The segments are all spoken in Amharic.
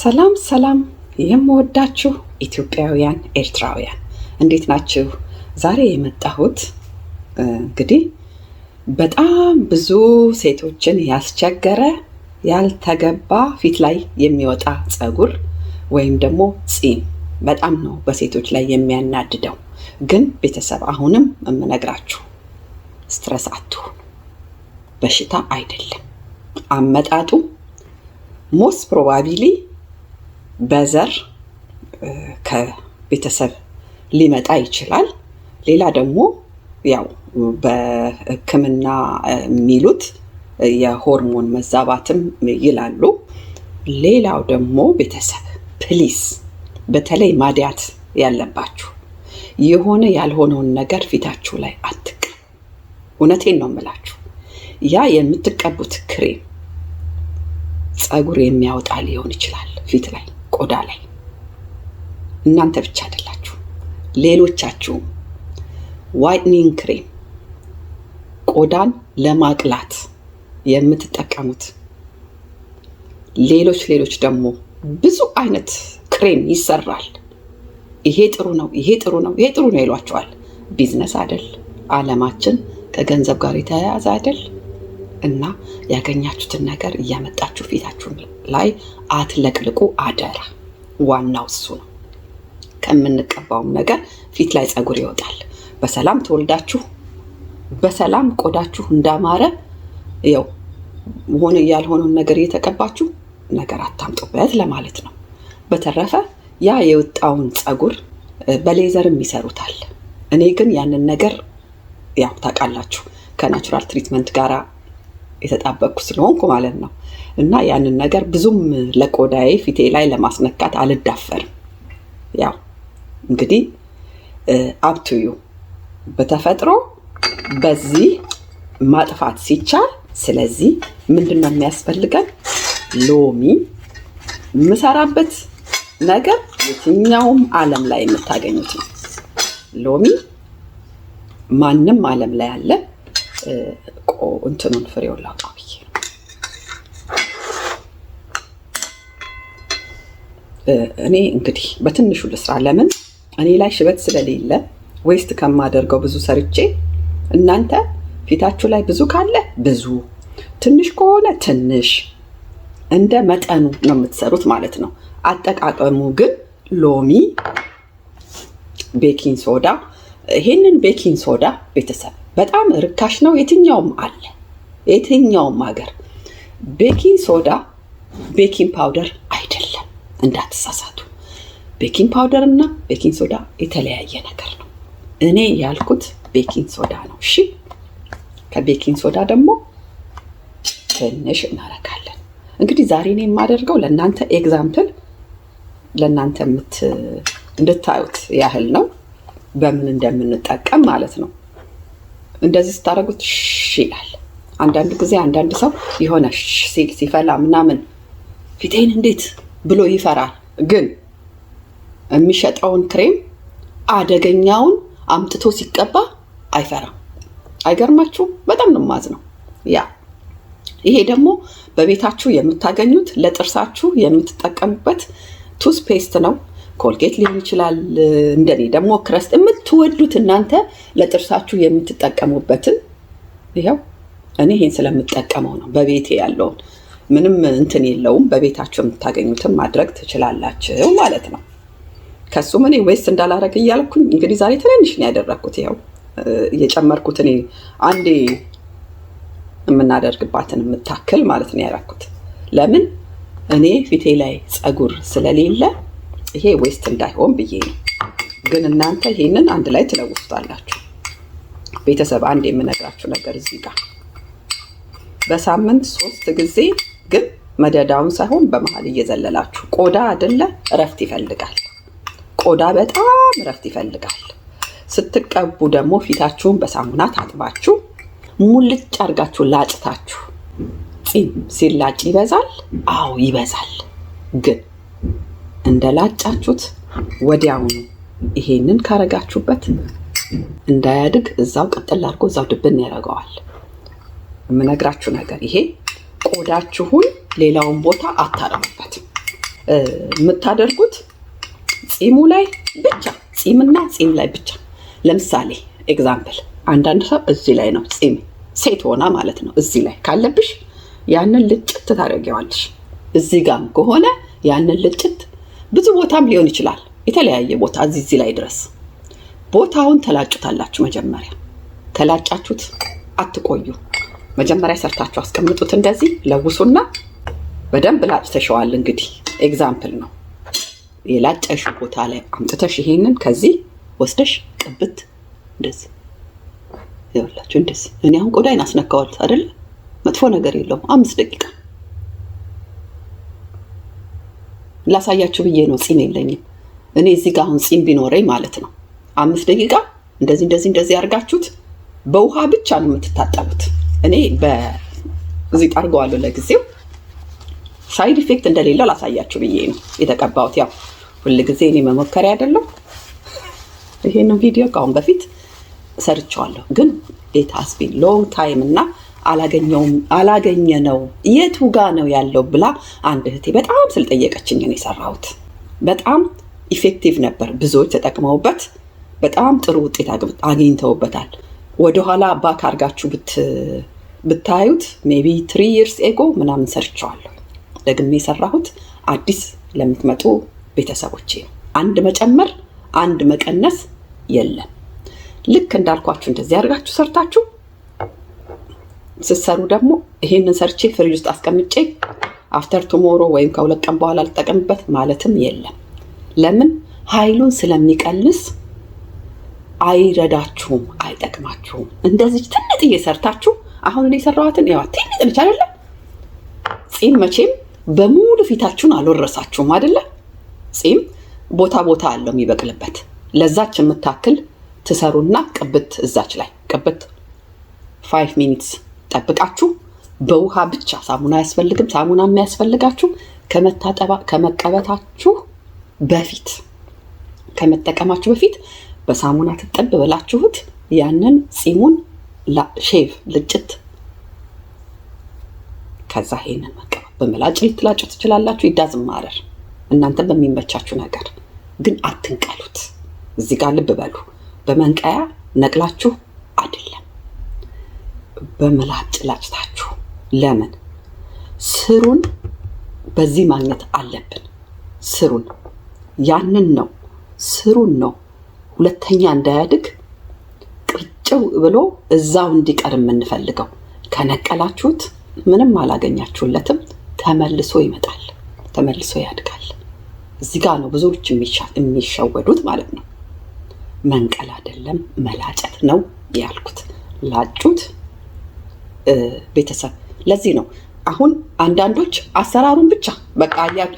ሰላም ሰላም የምወዳችሁ ኢትዮጵያውያን ኤርትራውያን እንዴት ናችሁ? ዛሬ የመጣሁት እንግዲህ በጣም ብዙ ሴቶችን ያስቸገረ ያልተገባ ፊት ላይ የሚወጣ ጸጉር ወይም ደግሞ ፂም በጣም ነው በሴቶች ላይ የሚያናድደው። ግን ቤተሰብ አሁንም የምነግራችሁ ስትረስ አትሁኑ። በሽታ አይደለም አመጣጡ ሞስት ፕሮባቢሊ በዘር ከቤተሰብ ሊመጣ ይችላል። ሌላ ደግሞ ያው በሕክምና የሚሉት የሆርሞን መዛባትም ይላሉ። ሌላው ደግሞ ቤተሰብ ፕሊስ፣ በተለይ ማዲያት ያለባችሁ የሆነ ያልሆነውን ነገር ፊታችሁ ላይ አትቅ። እውነቴን ነው የምላችሁ። ያ የምትቀቡት ክሬም ፀጉር የሚያወጣ ሊሆን ይችላል ፊት ላይ ቆዳ ላይ እናንተ ብቻ አይደላችሁ፣ ሌሎቻችሁም ዋይትኒንግ ክሬም ቆዳን ለማቅላት የምትጠቀሙት ሌሎች ሌሎች ደግሞ ብዙ አይነት ክሬም ይሰራል። ይሄ ጥሩ ነው፣ ይሄ ጥሩ ነው፣ ይሄ ጥሩ ነው ይሏቸዋል። ቢዝነስ አይደል? አለማችን ከገንዘብ ጋር የተያያዘ አይደል? እና ያገኛችሁትን ነገር እያመጣችሁ ፊታችሁ ላይ አትለቅልቁ አደራ። ዋናው እሱ ነው። ከምንቀባውም ነገር ፊት ላይ ጸጉር ይወጣል። በሰላም ተወልዳችሁ በሰላም ቆዳችሁ እንዳማረ ያው ሆነ ያልሆነውን ነገር እየተቀባችሁ ነገር አታምጡበት ለማለት ነው። በተረፈ ያ የወጣውን ጸጉር በሌዘርም ይሰሩታል። እኔ ግን ያንን ነገር ያው ታውቃላችሁ ከናቹራል ትሪትመንት ጋር የተጣበቅኩ ስለሆንኩ ማለት ነው። እና ያንን ነገር ብዙም ለቆዳዬ ፊቴ ላይ ለማስነካት አልዳፈርም። ያው እንግዲህ አብትዩ በተፈጥሮ በዚህ ማጥፋት ሲቻል፣ ስለዚህ ምንድን ነው የሚያስፈልገን? ሎሚ የምሰራበት ነገር የትኛውም ዓለም ላይ የምታገኙት ነው። ሎሚ ማንም ዓለም ላይ አለ። እንትኑን ፍሬውን ላውጣ ብዬ እኔ እንግዲህ በትንሹ ልስራ። ለምን እኔ ላይ ሽበት ስለሌለ ዌስት ከማደርገው ብዙ ሰርቼ እናንተ ፊታችሁ ላይ ብዙ ካለ ብዙ፣ ትንሽ ከሆነ ትንሽ እንደ መጠኑ ነው የምትሰሩት ማለት ነው። አጠቃቀሙ ግን ሎሚ፣ ቤኪንግ ሶዳ ይሄንን ቤኪንግ ሶዳ ቤተሰብ በጣም ርካሽ ነው። የትኛውም አለ የትኛውም ሀገር ቤኪንግ ሶዳ ቤኪንግ ፓውደር አይደለም፣ እንዳትሳሳቱ። ቤኪንግ ፓውደር እና ቤኪንግ ሶዳ የተለያየ ነገር ነው። እኔ ያልኩት ቤኪንግ ሶዳ ነው። እሺ፣ ከቤኪንግ ሶዳ ደግሞ ትንሽ እናረጋለን። እንግዲህ ዛሬ እኔ የማደርገው ለእናንተ ኤግዛምፕል ለእናንተ እንድታዩት ያህል ነው፣ በምን እንደምንጠቀም ማለት ነው። እንደዚህ ስታደርጉት ሽ ይላል። አንዳንድ ጊዜ አንዳንድ ሰው የሆነ ሲል ሲፈላ ምናምን ፊቴን እንዴት ብሎ ይፈራል። ግን የሚሸጠውን ክሬም አደገኛውን አምጥቶ ሲቀባ አይፈራም። አይገርማችሁም? በጣም ነው የማዝነው። ያ ይሄ ደግሞ በቤታችሁ የምታገኙት ለጥርሳችሁ የምትጠቀሙበት ቱስ ፔስት ነው። ኮልጌት ሊሆን ይችላል። እንደኔ ደግሞ ክረስት የምትወዱት እናንተ ለጥርሳችሁ የምትጠቀሙበትን ይኸው እኔ ይህን ስለምጠቀመው ነው በቤቴ ያለውን ምንም እንትን የለውም። በቤታችሁ የምታገኙትን ማድረግ ትችላላችሁ ማለት ነው። ከሱም እኔ ዌስት እንዳላረግ እያልኩኝ እንግዲህ ዛሬ ትንንሽ ነው ያደረግኩት። ይኸው እየጨመርኩት እኔ አንዴ የምናደርግባትን የምታክል ማለት ነው ያደረኩት። ለምን እኔ ፊቴ ላይ ጸጉር ስለሌለ ይሄ ዌስት እንዳይሆን ብዬ ነው። ግን እናንተ ይሄንን አንድ ላይ ትለውሱታላችሁ። ቤተሰብ አንድ የምነግራችሁ ነገር እዚህ ጋር በሳምንት ሶስት ጊዜ ግን መደዳውን ሳይሆን በመሀል እየዘለላችሁ ቆዳ አይደለ እረፍት ይፈልጋል። ቆዳ በጣም እረፍት ይፈልጋል። ስትቀቡ ደግሞ ፊታችሁን በሳሙና ታጥባችሁ ሙልጭ አድርጋችሁ ላጭታችሁ ፂም ሲላጭ ይበዛል። አዎ ይበዛል ግን እንደላጫችሁት ወዲያውኑ ይሄንን ካረጋችሁበት እንዳያድግ እዛው ቀጥል አድርጎ እዛው ድብን ያደርገዋል። የምነግራችሁ ነገር ይሄ ቆዳችሁን ሌላውን ቦታ አታረሙበት። የምታደርጉት ፂሙ ላይ ብቻ ፂምና ፂም ላይ ብቻ። ለምሳሌ ኤግዛምፕል አንዳንድ ሰው እዚህ ላይ ነው ፂም ሴት ሆና ማለት ነው እዚህ ላይ ካለብሽ ያንን ልጭት ታደርጊዋለሽ። እዚህ ጋም ከሆነ ያንን ልጭት ብዙ ቦታም ሊሆን ይችላል። የተለያየ ቦታ እዚህ ላይ ድረስ ቦታውን ተላጩታላችሁ። መጀመሪያ ከላጫችሁት አትቆዩ። መጀመሪያ ሰርታችሁ አስቀምጡት። እንደዚህ ለውሱና በደንብ ላጭተሸዋል። እንግዲህ ኤግዛምፕል ነው። የላጨሽ ቦታ ላይ አምጥተሽ ይሄንን ከዚህ ወስደሽ ቅብት እንደዚህ ይኸውላችሁ፣ እንደዚህ እኔ አሁን ቆዳይን አስነካዋል አይደለ? መጥፎ ነገር የለውም። አምስት ደቂቃ ላሳያችሁ ብዬ ነው። ፂም የለኝም እኔ እዚህ ጋር አሁን ፂም ቢኖረኝ ማለት ነው አምስት ደቂቃ እንደዚህ እንደዚህ እንደዚህ አድርጋችሁት በውሃ ብቻ ነው የምትታጠቡት። እኔ በዚህ ጣርገዋለሁ ለጊዜው ሳይድ ኢፌክት እንደሌለው ላሳያችሁ ብዬ ነው የተቀባሁት። ያው ጊዜ እኔ መሞከሪ አይደለም። ይሄንን ቪዲዮ ከአሁን በፊት ሰርቸዋለሁ ግን ኢት ሃዝ ቢን ሎንግ ታይም እና አላገኘ ነው የቱ ጋ ነው ያለው ብላ አንድ እህቴ በጣም ስልጠየቀችኝ ነው የሰራሁት። በጣም ኢፌክቲቭ ነበር። ብዙዎች ተጠቅመውበት በጣም ጥሩ ውጤት አግኝተውበታል። ወደኋላ ባክ አድርጋችሁ ብታዩት ሜቢ ትሪ ይርስ ኤጎ ምናምን ሰርቸዋለሁ። ደግሜ የሰራሁት አዲስ ለምትመጡ ቤተሰቦች ነው። አንድ መጨመር አንድ መቀነስ የለም። ልክ እንዳልኳችሁ እንደዚህ አድርጋችሁ ሰርታችሁ ስትሰሩ ደግሞ ይህንን ሰርቼ ፍሪጅ ውስጥ አስቀምጬ አፍተር ቱሞሮ ወይም ከሁለት ቀን በኋላ ልጠቀምበት ማለትም የለም። ለምን? ኃይሉን ስለሚቀንስ አይረዳችሁም፣ አይጠቅማችሁም። እንደዚች ትንጥዬ ሰርታችሁ አሁን እኔ የሰራኋትን ያዋ ትንጥንች አይደለም። ጺም መቼም በሙሉ ፊታችሁን አልወረሳችሁም አይደለ? ጺም ቦታ ቦታ አለው የሚበቅልበት። ለዛች የምታክል ትሰሩና ቅብት፣ እዛች ላይ ቅብት ፋይቭ ሚኒትስ ጠብቃችሁ በውሃ ብቻ ሳሙና አያስፈልግም። ሳሙና የሚያስፈልጋችሁ ከመታጠባ ከመቀበታችሁ በፊት ከመጠቀማችሁ በፊት በሳሙና ትጠብ ብላችሁት ያንን ፂሙን ሼቭ ልጭት፣ ከዛ ይሄንን መቀባት በመላጭ ልትላጩ ትችላላችሁ። ይዳዝ ማረር እናንተ በሚመቻችሁ ነገር ግን አትንቀሉት። እዚህ ጋር ልብ በሉ። በመንቀያ ነቅላችሁ አይደለም። በመላጭ ላጭታችሁ። ለምን ስሩን በዚህ ማግኘት አለብን። ስሩን ያንን ነው ስሩን ነው ሁለተኛ እንዳያድግ ቅርጭው ብሎ እዛው እንዲቀር የምንፈልገው። ከነቀላችሁት ምንም አላገኛችሁለትም። ተመልሶ ይመጣል፣ ተመልሶ ያድጋል። እዚህ ጋር ነው ብዙዎች የሚሸወዱት ማለት ነው። መንቀል አይደለም መላጨት ነው ያልኩት። ላጩት ቤተሰብ ለዚህ ነው አሁን አንዳንዶች አሰራሩን ብቻ በቃ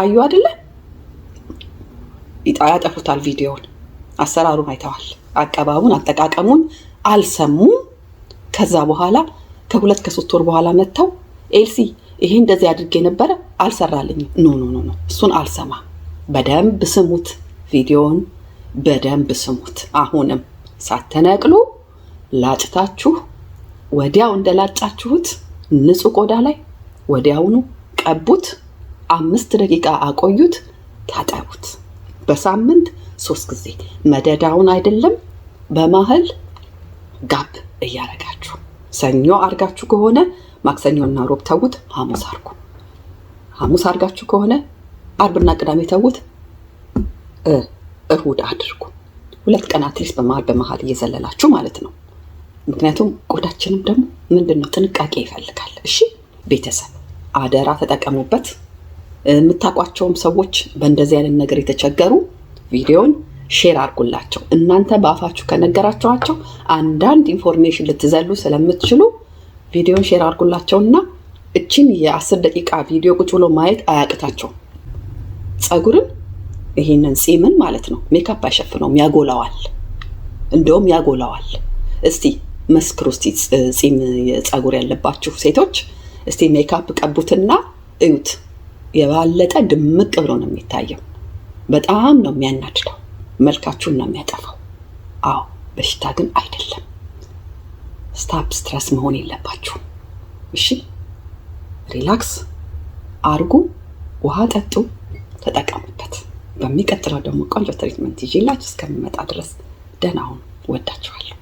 አዩ አይደለ ያጠፉታል። ቪዲዮውን አሰራሩን አይተዋል፣ አቀባቡን፣ አጠቃቀሙን አልሰሙም። ከዛ በኋላ ከሁለት ከሶስት ወር በኋላ መጥተው ኤልሲ ይሄ እንደዚህ አድርጌ ነበረ አልሰራልኝም። ኖ ኖ ኖ፣ እሱን አልሰማ። በደንብ ስሙት፣ ቪዲዮውን በደንብ ስሙት። አሁንም ሳተነቅሉ ላጭታችሁ ወዲያው እንደላጫችሁት ንጹህ ቆዳ ላይ ወዲያውኑ ቀቡት። አምስት ደቂቃ አቆዩት። ታጠቡት። በሳምንት ሶስት ጊዜ መደዳውን አይደለም፣ በማህል ጋብ እያረጋችሁ ሰኞ አርጋችሁ ከሆነ ማክሰኞና ሮብ ተዉት፣ ሐሙስ አርጉ። ሐሙስ አርጋችሁ ከሆነ አርብና ቅዳሜ ተዉት፣ እሁድ አድርጉ። ሁለት ቀን አትሊስት በመሀል በመሀል እየዘለላችሁ ማለት ነው። ምክንያቱም ቆዳችንም ደግሞ ምንድን ነው ጥንቃቄ ይፈልጋል። እሺ ቤተሰብ አደራ ተጠቀሙበት። የምታውቋቸውም ሰዎች በእንደዚህ አይነት ነገር የተቸገሩ ቪዲዮን ሼር አድርጉላቸው። እናንተ በአፋችሁ ከነገራችኋቸው አንዳንድ ኢንፎርሜሽን ልትዘሉ ስለምትችሉ ቪዲዮን ሼር እና እችን የአስር ደቂቃ ቪዲዮ ቁጭ ብሎ ማየት አያቅታቸውም። ጸጉርን ይህንን ጺምን ማለት ነው ሜካፕ አይሸፍነውም፣ ያጎላዋል፣ እንደውም ያጎላዋል። እስቲ መስክሩ እስቲ ጺም የፀጉር ያለባችሁ ሴቶች እስቲ ሜካፕ ቀቡትና እዩት። የባለጠ ድምቅ ብሎ ነው የሚታየው። በጣም ነው የሚያናድደው። መልካችሁን ነው የሚያጠፋው። አዎ በሽታ ግን አይደለም። ስታፕ ስትረስ መሆን የለባችሁ። እሺ ሪላክስ አርጉ፣ ውሃ ጠጡ፣ ተጠቀሙበት። በሚቀጥለው ደግሞ ቆንጆ ትሪትመንት ይዤላችሁ እስከምመጣ ድረስ ደህና ሁኑ። ወዳችኋለሁ።